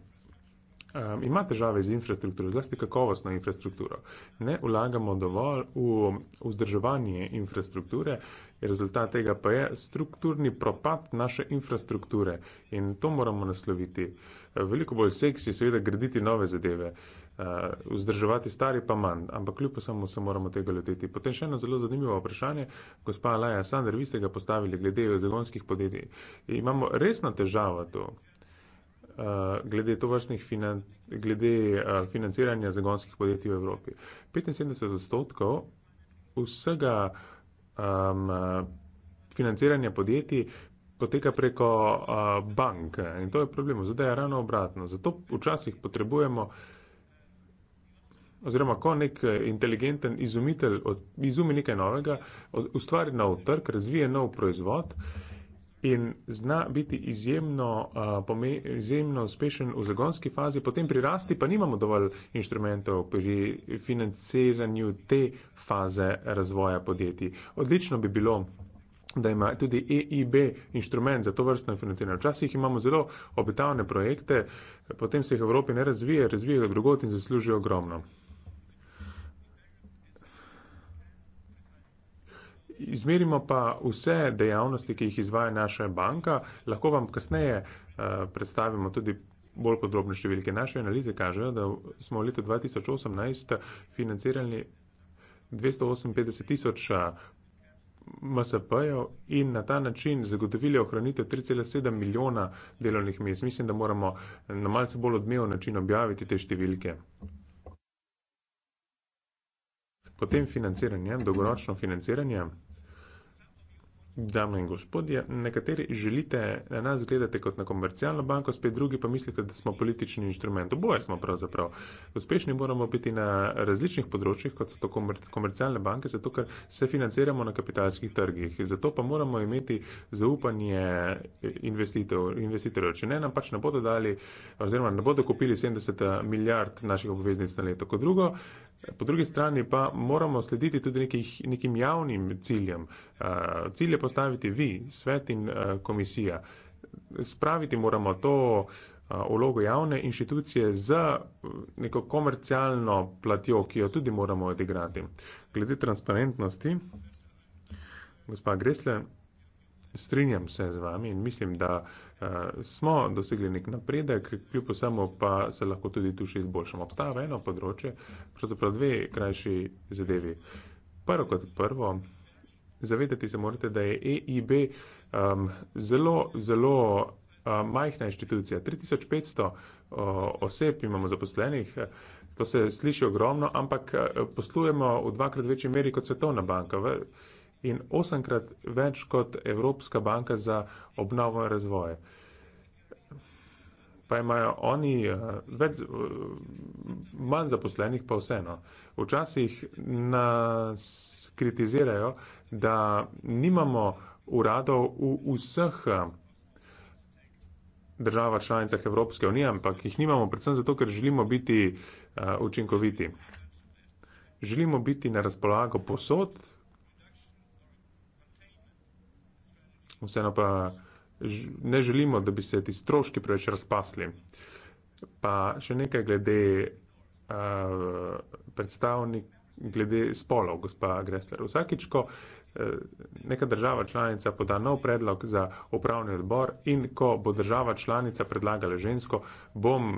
ima težave z infrastrukturo, zlasti kakovostno infrastrukturo. Ne ulagamo dovolj v vzdrževanje infrastrukture, rezultat tega pa je strukturni propad naše infrastrukture in to moramo nasloviti. Veliko bolj seksi je seveda graditi nove zadeve. Uh, uh, vzdrževati stari, pa manj. Ampak kljub vsemu se moramo tega loteti. Potem še eno zelo zanimivo vprašanje, gospa Laja Sander, vi ste ga postavili glede zagonskih podjetij. Imamo resno težavo tu. Uh, glede to vrstnih finan glede, uh, financiranja zagonskih podjetij v Evropi. 75 odstotkov vsega um, uh, financiranja podjetij poteka preko uh, bank in to je problem. Zdaj je ravno obratno. Zato včasih potrebujemo uh, oziroma ko nek eh, inteligenten izumitelj od, izumi nekaj novega, od, ustvari nov trg, razvije nov proizvod in zna biti izjemno, uh, pome, izjemno uspešen v zagonski fazi, potem pri rasti pa nimamo dovolj inštrumentov pri financiranju te faze razvoja podjetij. Odlično bi bilo da ima tudi EIB inštrument za to vrstno financiranje. Včasih imamo zelo obetavne projekte, potem se jih v Evropi ne razvije, razvijejo drugot in zaslužijo ogromno. Izmerimo pa vse dejavnosti, ki jih izvaja naša banka. Lahko vam kasneje eh, predstavimo tudi bolj podrobne številke. Naše analize kažejo, da smo v letu 2018 financirali 258 tisoč eh, MSP-jev in na ta način zagotovili ohranitev 3,7 milijona delovnih mest. Mislim, da moramo na malce bolj odmev način objaviti te številke. Potem financiranje, dolgoročno financiranje. Dame in gospodje, nekateri želite na nas gledati kot na komercialno banko, spet drugi pa mislite, da smo politični inštrument. Oboje smo pravzaprav. Uspešni moramo biti na različnih področjih, kot so to komer komercialne banke, zato ker se financiramo na kapitalskih trgih. Zato pa moramo imeti zaupanje investitorjev. Če ne, nam pač ne bodo dali, oziroma ne bodo kupili 70 milijard naših obveznic na leto. Kot drugo, Po drugi strani pa moramo slediti tudi nekih, nekim javnim ciljem. Uh, cilje postaviti vi, svet in uh, komisija. Spraviti moramo to eh, vlogo uh, javne inštitucije z neko komercialno platjo, ki jo tudi moramo odigrati. Glede transparentnosti, gospa Gresle. Strinjam se z vami in mislim, da uh, smo dosegli nek napredek, kljub vsemu pa se lahko tudi tu še izboljšamo. Obstaja eno področje, pravzaprav dve krajši zadevi. Prvo kot prvo, zavedati se morate, da je EIB um, zelo, zelo uh, majhna inštitucija. 3500 uh, oseb imamo zaposlenih, to se sliši ogromno, ampak uh, poslujemo v dvakrat večji meri kot Svetovna banka. V, in osemkrat več kot Evropska banka za obnovo in razvoj. Pa imajo oni eh, več, eh, manj zaposlenih, pa vseeno. Včasih nas kritizirajo, da nimamo uradov v vseh eh, državah članicah Evropske unije, ampak jih nimamo predvsem zato, ker želimo biti učinkoviti. Želimo biti na razpolago posod, vseeno pa ne želimo, da bi se ti stroški preveč razpasli. Pa še nekaj glede uh, predstavnik, glede spolov, gospa Gressler. Vsakič, ko uh, neka država članica poda nov predlog za upravni odbor in ko bo država članica predlagala žensko, bom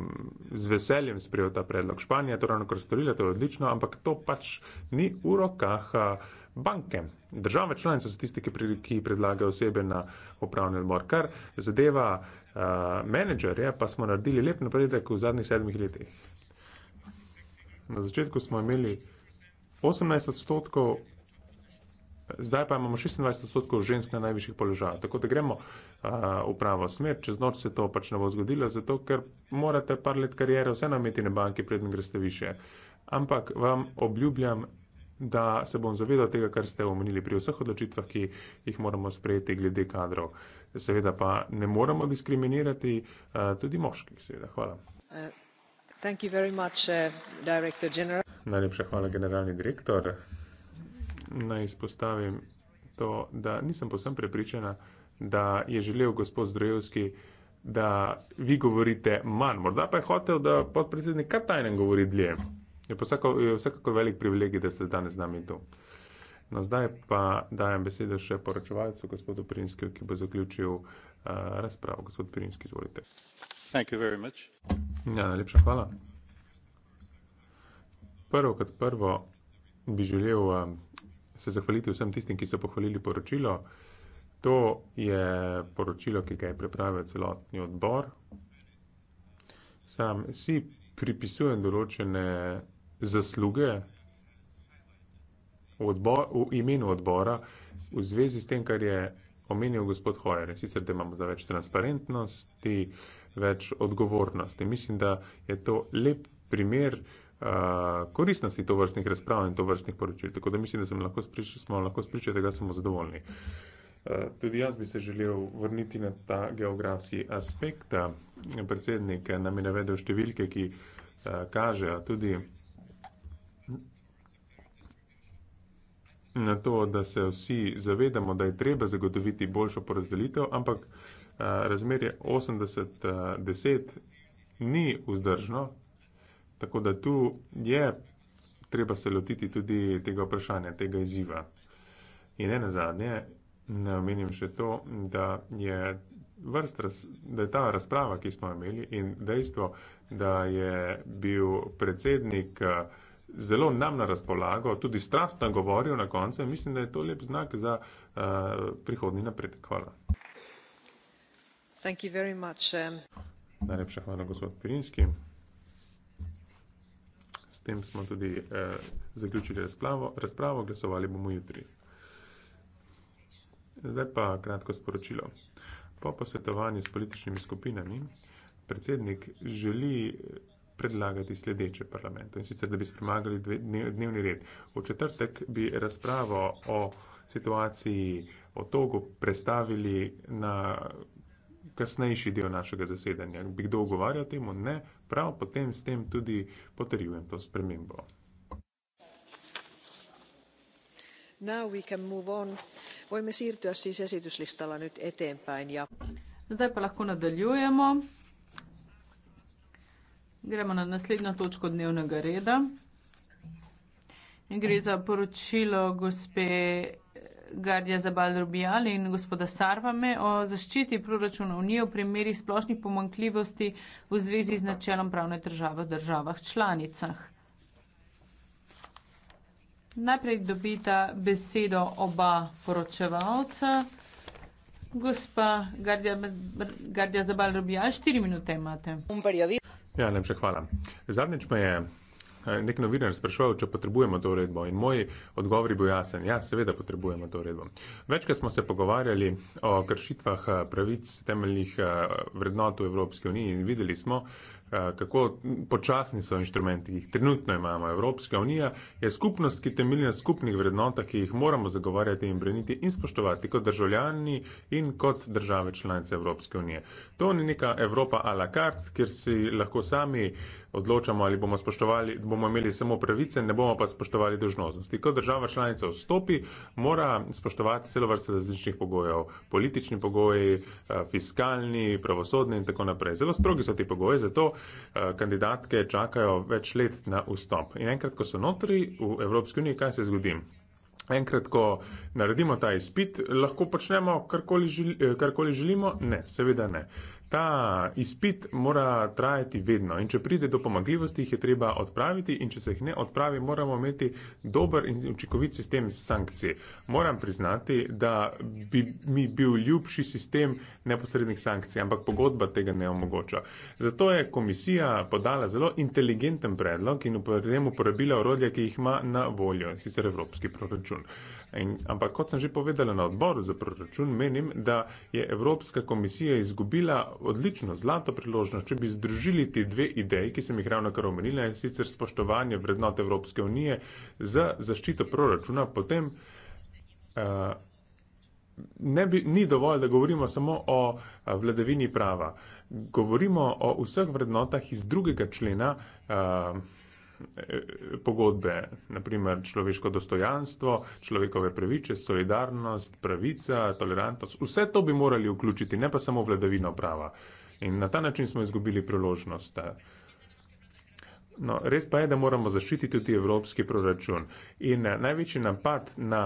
z veseljem sprijel ta predlog. Španija to ravno kar storila, to je odlično, ampak to pač ni v rokah. Uh, banke. Države članice so tiste, ki, pri, ki predlagajo osebe na upravni odbor. Kar zadeva uh, menedžerje, pa smo naredili lep napredek v zadnjih sedmih letih. Na začetku smo imeli 18 odstotkov, zdaj pa imamo 26 odstotkov žensk na najvišjih položajih. Tako da gremo uh, v pravo smer, čez noč se to pač ne bo zgodilo, zato ker morate par let karijere vseeno imeti na banki, predem greste više. Ampak vam obljubljam, da se bom zavedal tega, kar ste omenili pri vseh odločitvah, ki jih moramo sprejeti glede kadrov. Seveda pa ne moremo diskriminirati uh, tudi moških. Seveda. Hvala. Uh, uh Najlepša hvala, generalni direktor. Naj izpostavim to, da nisem posem prepričana, da je želel gospod Zdrojevski, da vi govorite manj. Morda pa je hotel, da podpredsednik kar tajnem govori dlje. Je pa vsekakor velik privilegij, da ste danes z nami tu. No, zdaj pa dajem besedo še poročevalcu, gospodu Prinskiju, ki bo zaključil uh, razpravo. Gospod Prinski, izvolite. Ja, najlepša hvala. Prvo kot prvo bi želel uh, se zahvaliti vsem tistim, ki so pohvalili poročilo. To je poročilo, ki ga je pripravil celotni odbor. Sam si pripisujem določene zasluge odbor, v imenu odbora v zvezi s tem, kar je omenil gospod Hojer. Sicer, da imamo za več transparentnosti, več odgovornosti. Mislim, da je to lep primer uh, koristnosti to vrstnih razprav in to vrstnih poročil. Tako da mislim, da sem lahko sprič, smo lahko spričali, da ga smo zadovoljni. Tudi jaz bi se želel vrniti na ta geografski aspekt. Predsednik nam je navedel številke, ki uh, kažejo tudi na to, da se vsi zavedamo, da je treba zagotoviti boljšo porazdelitev, ampak eh, razmerje 80-10 eh, ni vzdržno. Tako da tu je treba se lotiti tudi tega vprašanja, tega izziva. In ne na zadnje, ne omenim še to, da je, vrst, da je ta razprava, ki smo imeli, in dejstvo, da je bil predsednik uh, zelo nam na razpolago, tudi strastno govorijo na koncu in mislim, da je to lep znak za uh, eh, prihodni napredek. Hvala. Thank you very much. Um, Najlepša hvala, gospod Pirinski. S tem smo tudi eh, zaključili razplavo, razpravo, glasovali bomo jutri. Zdaj pa kratko sporočilo. Po posvetovanju s političnimi skupinami, predsednik želi. Eh, predlagati sledeče parlamento in sicer, da bi spremagali dnevni red. V četrtek bi razpravo o situaciji o togu predstavili na kasnejši del našega zasedanja. Bi kdo ogovarjal temu? Ne. Prav potem s tem tudi potrjujem to spremembo. Ja- Zdaj pa lahko nadaljujemo. Gremo na naslednjo točko dnevnega reda. In gre za poročilo gospe Gardija Zabal-Rubijali in gospoda Sarvame o zaščiti proračuna Unije v primerih splošnih pomankljivosti v zvezi z načelom pravne države v državah članicah. Najprej dobita besedo oba poročevalca. Gospa Gardija, Gardija Zabal-Rubijali, štiri minute imate. Ja, najlepša hvala. Zadnjič me je eh, nek novinar sprašoval, če potrebujemo to uredbo in moj odgovor je bil jasen. Ja, seveda potrebujemo to uredbo. Večkrat smo se pogovarjali o kršitvah eh, pravic temeljnih eh, vrednot v Evropski uniji in videli smo, Eh, kako počasni so inštrumenti, ki jih trenutno imamo. Evropska unija je skupnost, ki temelji na skupnih vrednotah, ki jih moramo zagovarjati in breniti in spoštovati kot državljani in kot države članice Evropske unije. To ni neka Evropa a la carte, kjer si lahko sami uh, odločamo, ali bomo spoštovali, bomo imeli samo pravice, ne bomo pa spoštovali dožnosti. Ko država članica vstopi, mora spoštovati celo vrste različnih pogojev, politični pogoji, eh, fiskalni, pravosodni in tako naprej. Zelo strogi so ti pogoji, zato eh, kandidatke čakajo več let na vstop. In enkrat, ko so notri v Evropski uniji, kaj se zgodi? Enkrat, ko naredimo ta izpit, lahko počnemo karkoli eh, želimo? Ne, seveda ne. Ta izpit mora trajati vedno in če pride do pomagljivosti, jih je treba odpraviti in če se jih ne odpravi, moramo imeti dober in učinkovit sistem sankcij. Moram priznati, da bi mi bil ljubši sistem neposrednih sankcij, ampak pogodba tega ne omogoča. Zato je komisija podala zelo inteligenten predlog in uporabila orodja, ki jih ima na voljo, sicer Evropski proračun. Uh, In, ampak kot sem že povedala na odboru za proračun, menim, da je Evropska komisija izgubila odlično zlato priložnost, če bi združili ti dve ideji, ki sem jih ravno kar omenila in sicer spoštovanje vrednot Evropske unije za zaščito proračuna, potem uh, bi, ni dovolj, da govorimo samo o eh, vladavini prava. Govorimo o vseh vrednotah iz drugega člena. Uh, Eh, pogodbe, naprimer človeško dostojanstvo, človekove pravice, solidarnost, pravica, tolerantnost, vse to bi morali vključiti, ne pa samo vladavino prava. In na ta način smo izgubili priložnost. No, res pa je, da moramo zaščititi tudi evropski proračun. In eh, največji napad na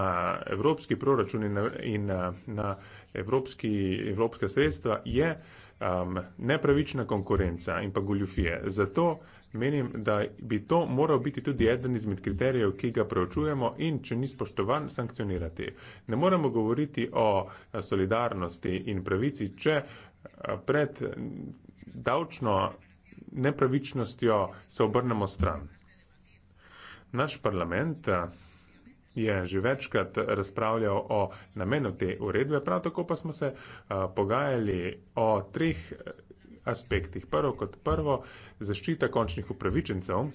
evropski proračun in na, in na, eh, na evropski, evropska sredstva je um, nepravična konkurenca in pa goljufije. Zato Menim, da bi to moral biti tudi eden izmed kriterijev, ki ga preučujemo in, če ni spoštovan, sankcionirati. Ne moremo govoriti o solidarnosti in pravici, če eh, pred davčno nepravičnostjo se obrnemo stran. Naš parlament eh, je že večkrat razpravljal o namenu te uredbe, prav tako pa smo se eh, pogajali o treh aspektih. Prvo kot prvo, zaščita končnih upravičencev.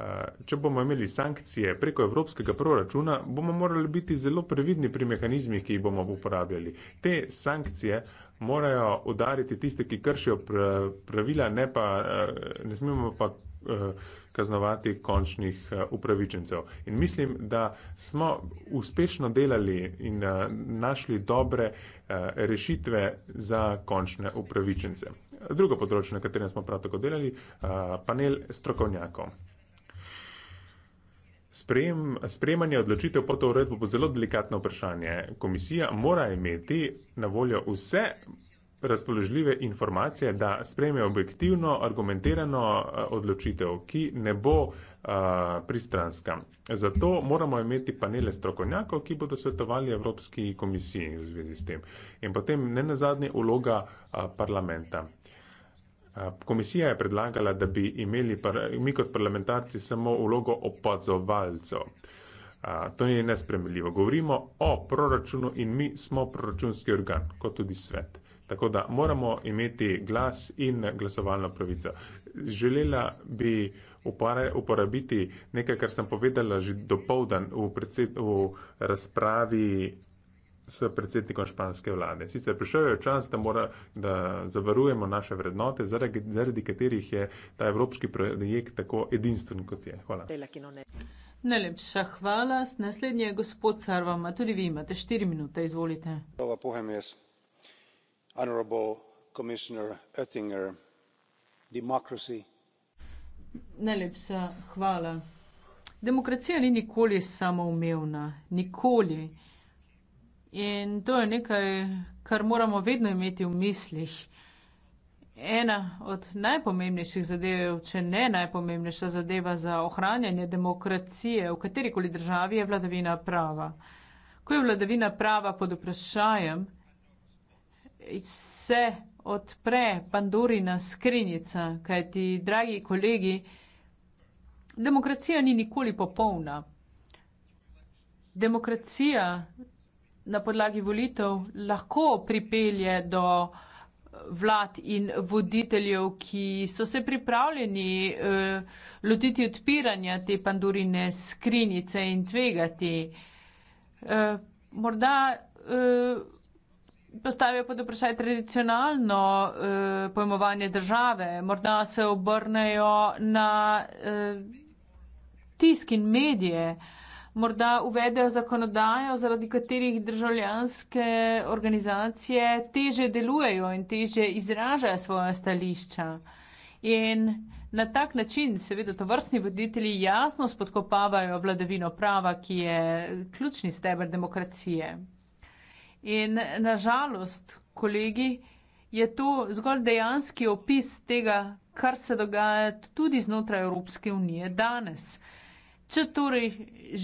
Eh, če bomo imeli sankcije preko evropskega proračuna, bomo morali biti zelo previdni pri mehanizmih, ki jih bomo uporabljali. Te sankcije morajo udariti tiste, ki kršijo pravila, ne, pa, eh, ne smemo pa Eh, kaznovati končnih eh, upravičencev. In mislim, da smo uspešno delali in eh, našli dobre rešitve za končne upravičence. Drugo področje, na katerem smo prav tako delali, panel strokovnjakov. Sprejem, sprejemanje odločitev po to uredbo bo zelo delikatno vprašanje. Komisija mora imeti na voljo vse razpoložljive informacije, da sprejme objektivno, argumentirano eh, odločitev, ki ne bo uh, pristranska. Zato moramo imeti panele strokovnjakov, ki bodo svetovali Evropski komisiji v zvezi s tem. In potem ne nazadnje uloga uh, eh, parlamenta. Komisija je predlagala, da bi imeli mi kot parlamentarci samo ulogo opazovalcev. To je nespremljivo. Govorimo o proračunu in mi smo proračunski organ, kot tudi svet. Tako da moramo imeti glas in glasovalno pravico. Želela bi uporabiti nekaj, kar sem povedala že do povdan v, v razpravi s predsednikom španske vlade. Sicer prišel je čas, da, mora, da zavarujemo naše vrednote, zaradi, zaradi katerih je ta evropski projekt tako edinstven, kot je. Hvala. Najlepša hvala. Naslednji je gospod Sarvama. Tudi vi imate štiri minute. Izvolite. Dobro, pohem jaz honourable commissioner oettinger democracy. Najlepša hvala. Demokracija ni nikoli samoumevna, nikoli. In to je nekaj, kar moramo vedno imeti v mislih. Ena od najpomembnejših zadev, če ne najpomembnejša zadeva za ohranjanje demokracije v katerikoli državi, je vladavina prava. Ko je vladavina prava pod vprašanjem, se odpre Pandorina skrinjica, kajti, dragi kolegi, demokracija ni nikoli popolna. Demokracija na podlagi volitev lahko pripelje do vlad in voditeljev, ki so se pripravljeni eh, lotiti odpiranja te pandurine skrinjice in tvegati. Eh, morda eh, postavijo pod vprašaj tradicionalno eh, pojmovanje države, morda se obrnejo na eh, tisk in medije, morda uvedejo zakonodajo, zaradi katerih državljanske organizacije teže delujejo in teže izražajo svoje stališča. In na tak način, seveda, to vrstni voditelji jasno spodkopavajo vladavino prava, ki je ključni steber demokracije. In nažalost, kolegi, je to zgolj dejanski opis tega, kar se dogaja tudi znotraj Evropske unije danes. Če torej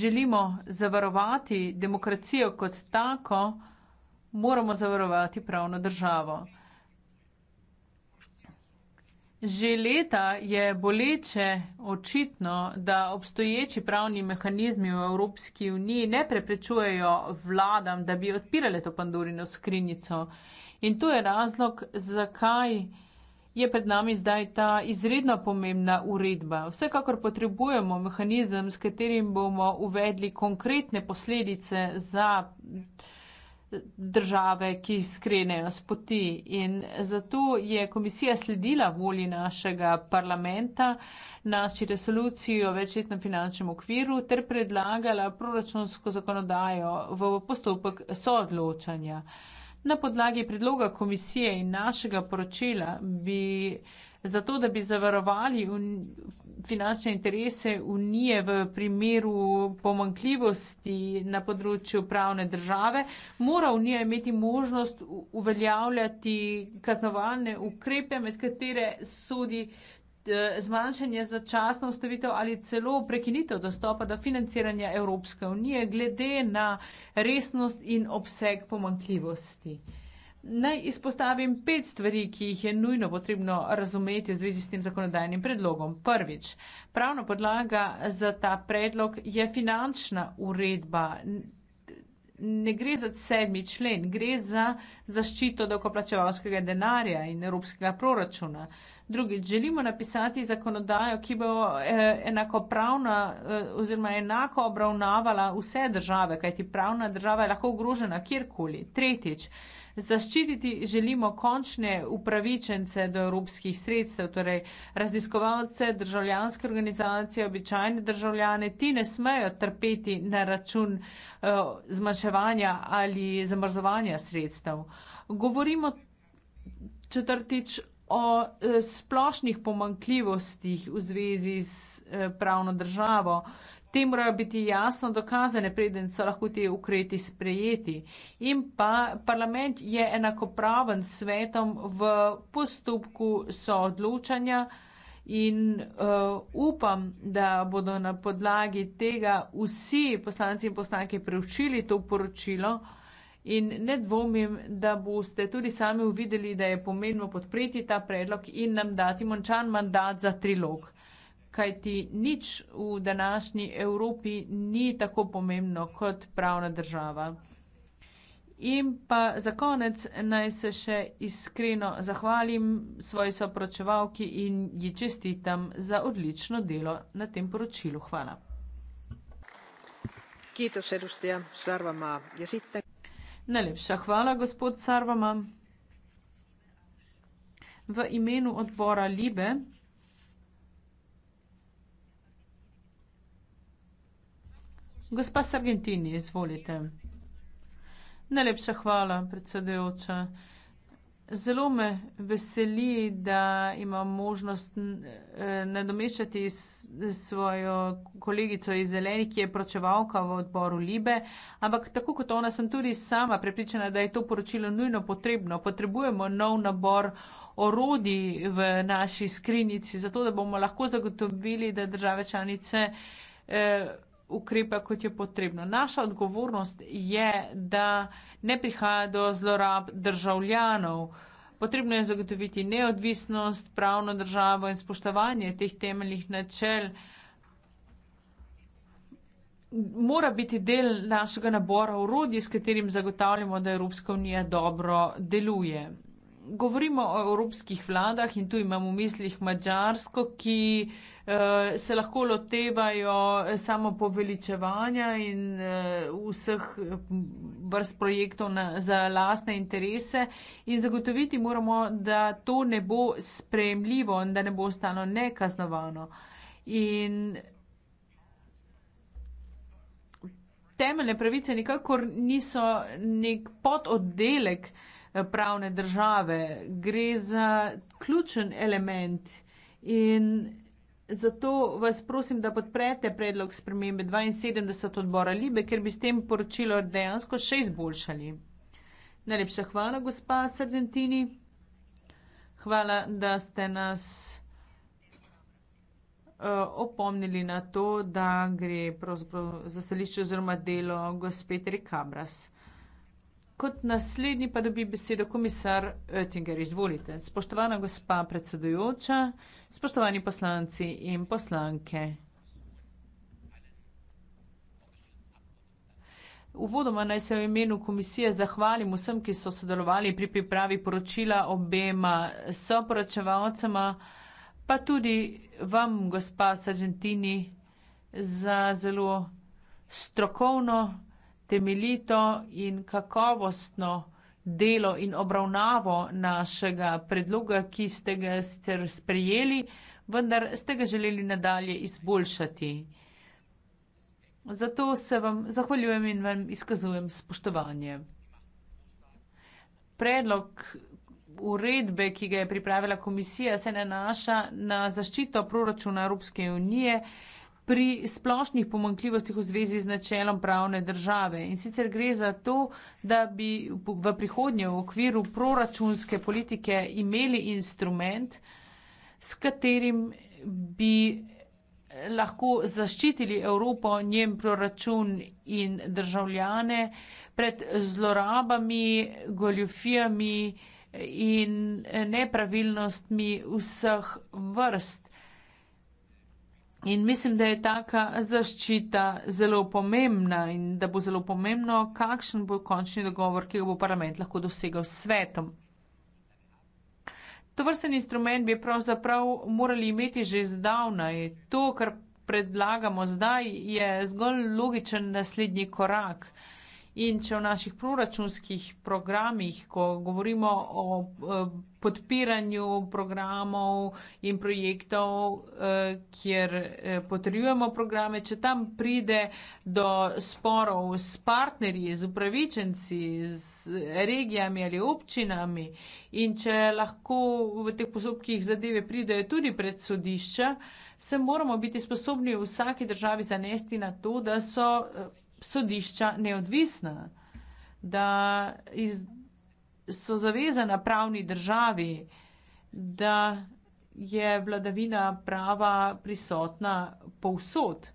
želimo zavarovati demokracijo kot tako, moramo zavarovati pravno državo. Že leta je boleče očitno, da obstoječi pravni mehanizmi v Evropski uniji ne preprečujejo vladam, da bi odpirale to pandorino skrinjico. In to je razlog, zakaj je pred nami zdaj ta izredno pomembna uredba. Vsekakor potrebujemo mehanizem, s katerim bomo uvedli konkretne posledice za države, ki skrenejo z poti. In zato je komisija sledila volji našega parlamenta, naši resoluciji o večletnem finančnem okviru ter predlagala proračunsko zakonodajo v postopek soodločanja. Na podlagi predloga komisije in našega poročila bi zato, da bi zavarovali finančne interese Unije v primeru pomankljivosti na področju pravne države, mora Unija imeti možnost uveljavljati kaznovalne ukrepe, med katere sodi eh, zmanjšanje začasno ustavitev ali celo prekinitev dostopa do financiranja Evropske unije glede na resnost in obseg pomankljivosti. Naj izpostavim pet stvari, ki jih je nujno potrebno razumeti v zvezi s tem zakonodajnim predlogom. Prvič, pravna podlaga za ta predlog je finančna uredba. Ne gre za sedmi člen, gre za zaščito dokoplačevalskega denarja in evropskega proračuna. Drugič, želimo napisati zakonodajo, ki bo eh, enakopravna eh, oziroma enako obravnavala vse države, kajti pravna država je lahko ogrožena kjerkoli. Tretjič, Zaščititi želimo končne upravičence do evropskih sredstev, torej raziskovalce, državljanske organizacije, običajne državljane. Ti ne smejo trpeti na račun uh, zmanjševanja ali zamrzovanja sredstev. Govorimo četrtič o eh, splošnih pomankljivostih v zvezi s eh, pravno državo, Te morajo biti jasno dokazane, preden so lahko ti ukrepi sprejeti. In pa parlament je enakopraven s svetom v postopku soodločanja in uh, upam, da bodo na podlagi tega vsi poslanci in poslanke preučili to poročilo in ne dvomim, da boste tudi sami uvideli, da je pomembno podpreti ta predlog in nam dati mončan mandat za trilog kajti nič v današnji Evropi ni tako pomembno kot pravna država. In pa za konec naj se še iskreno zahvalim svoji soporočevalki in ji čestitam za odlično delo na tem poročilu. Hvala. Kitos, edustaja Sarvama. Ja sitten... Najlepša hvala, gospod Sarvama. V imenu odbora Libe. Gospa Sargentini, izvolite. Najlepša hvala, predsedujoča. Zelo me veseli, da imam možnost eh, nadomeščati svojo kolegico iz Zelenih, ki je pročevalka v odboru Libe, ampak tako kot ona sem tudi sama prepričana, da je to poročilo nujno potrebno. Potrebujemo nov nabor orodi v naši skrinici, zato da bomo lahko zagotovili, da države članice. Eh, ukrepe, kot je potrebno. Naša odgovornost je, da ne prihaja do zlorab državljanov. Potrebno je zagotoviti neodvisnost, pravno državo in spoštovanje teh temeljnih načel. Mora biti del našega nabora urodij, s katerim zagotavljamo, da Evropska unija dobro deluje govorimo o evropskih vladah in tu imamo v mislih Mačarsko, ki eh, se lahko lotevajo samo poveličevanja in eh, vseh eh, vrst projektov na, za lastne interese in zagotoviti moramo, da to ne bo sprejemljivo in da ne bo ostalo nekaznovano. In temeljne pravice nikakor niso nek pododdelek, pravne države. Gre za ključen element in zato vas prosim, da podprete predlog spremembe 72 odbora Libe, ker bi s tem poročilo dejansko še izboljšali. Najlepša hvala, gospa Sargentini. Hvala, da ste nas eh, opomnili na to, da gre pravzaprav za stališče oziroma delo gospe Terry Cabras. Kot naslednji pa dobi besedo komisar Oettinger. Izvolite. Spoštovana gospa predsedujoča, spoštovani poslanci in poslanke. Uvodoma naj se v imenu komisije zahvalim vsem, ki so sodelovali pri pripravi poročila obema soporočevalcema, pa tudi vam, gospa Sargentini, za zelo strokovno temeljito in kakovostno delo in obravnavo našega predloga, ki ste ga sicer sprejeli, vendar ste ga želeli nadalje izboljšati. Zato se vam zahvaljujem in vam izkazujem spoštovanje. Predlog uredbe, ki ga je pripravila komisija, se nanaša na zaščito proračuna Evropske unije, pri splošnih pomankljivostih v zvezi z načelom pravne države. In sicer gre za to, da bi v prihodnje v okviru proračunske politike imeli instrument, s katerim bi lahko zaščitili Evropo, njen proračun in državljane pred zlorabami, goljofijami in nepravilnostmi vseh vrst. In mislim, da je taka zaščita zelo pomembna in da bo zelo pomembno, kakšen bo končni dogovor, ki ga bo parlament lahko dosegal s svetom. To vrsten instrument bi pravzaprav morali imeti že zdavnaj. To, kar predlagamo zdaj, je zgolj logičen naslednji korak. Uh, In če v naših proračunskih programih, ko govorimo o eh, podpiranju programov in projektov, eh, kjer eh, potrjujemo programe, če tam pride do sporov s partnerji, z upravičenci, z regijami ali občinami in če lahko v teh postopkih zadeve pridejo tudi pred sodišča, se moramo biti sposobni v vsaki državi zanesti na to, da so sodišča neodvisna, da iz, so zavezana pravni državi, da je vladavina prava prisotna povsod.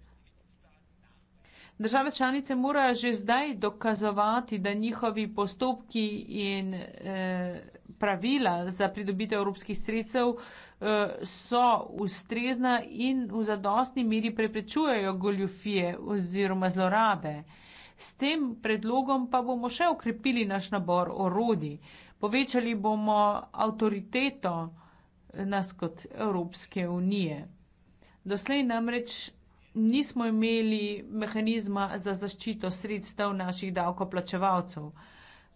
Države članice morajo že zdaj dokazovati, da njihovi postopki in eh, pravila za pridobitev evropskih sredstev Eh, so ustrezna in v zadostni miri preprečujejo goljufije oziroma zlorabe. S tem predlogom pa bomo še okrepili naš nabor orodij, povečali bomo avtoriteto nas kot Evropske unije. Doslej namreč nismo imeli mehanizma za zaščito sredstev naših davkoplačevalcev.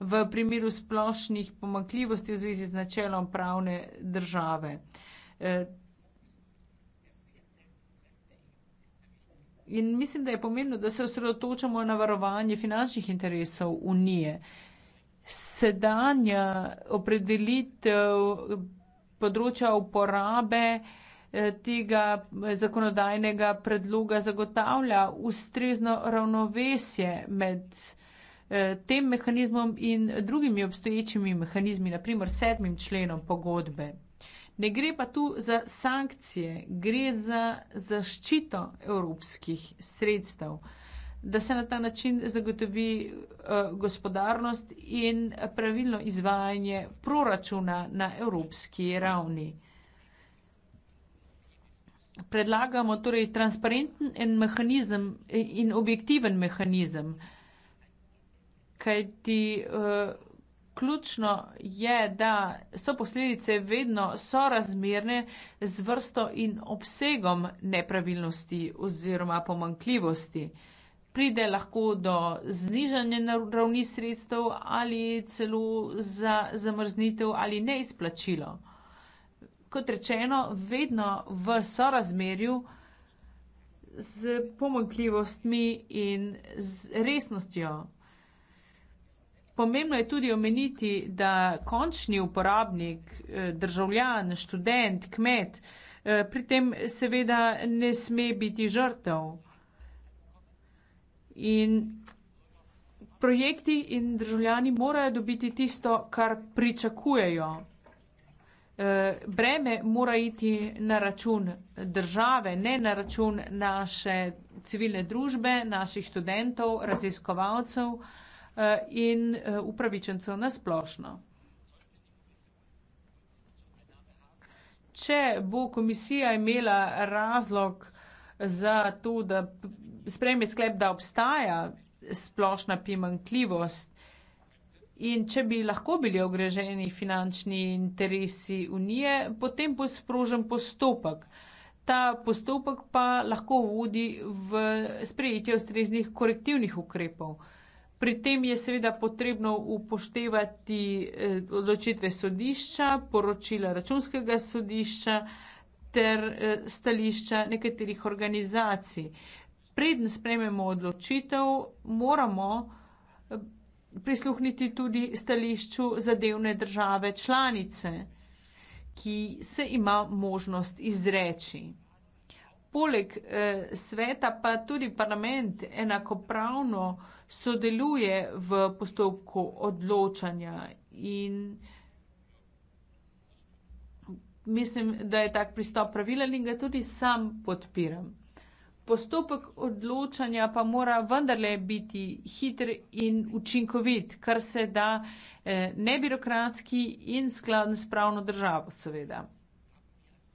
V primeru splošnih pomakljivosti v zvezi z načelom pravne države. Eh, in mislim, da je pomembno, da se osredotočamo na varovanje finančnih interesov unije. Sedanja opredelitev področja uporabe eh, tega eh, zakonodajnega predloga zagotavlja ustrezno ravnovesje med tem mehanizmom in drugimi obstoječimi mehanizmi, naprimer sedmim členom pogodbe. Ne gre pa tu za sankcije, gre za zaščito evropskih sredstev, da se na ta način zagotovi eh, gospodarnost in pravilno izvajanje proračuna na evropski ravni. Predlagamo torej transparenten in mehanizem eh, in objektiven mehanizem, kajti. Uh, ključno je, da so posledice vedno sorazmerne z vrsto in obsegom nepravilnosti oziroma pomankljivosti. Pride lahko do znižanja ravni sredstev ali celo za zamrznitev ali neizplačilo. Kot rečeno, vedno v sorazmerju z pomankljivostmi in z resnostjo. Pomembno je tudi omeniti, da končni uporabnik, eh, državljan, študent, kmet, eh, pri tem seveda ne sme biti žrtev. In projekti in državljani morajo dobiti tisto, kar pričakujejo. Eh, breme mora iti na račun države, ne na račun naše civilne družbe, naših študentov, raziskovalcev. Eh, in eh, upravičencev na splošno. Če bo komisija imela razlog za to, da sprejme sklep, da obstaja splošna pimankljivost in če bi lahko bili ogroženi finančni interesi unije, potem bo sprožen postopek. Ta postopek pa lahko vodi v sprejetje ustreznih korektivnih ukrepov. Pri tem je seveda potrebno upoštevati eh, odločitve sodišča, poročila računskega sodišča ter eh, stališča nekaterih organizacij. Preden sprememo odločitev, moramo eh, prisluhniti tudi stališču zadevne države članice, ki se ima možnost izreči. Poleg eh, sveta pa tudi parlament enakopravno eh, sodeluje v postopku odločanja in mislim, da je tak pristop pravilen in ga tudi sam podpiram. Postopek odločanja pa mora vendarle biti hiter in učinkovit, kar se da eh, nebirokratski in skladen s pravno državo, seveda.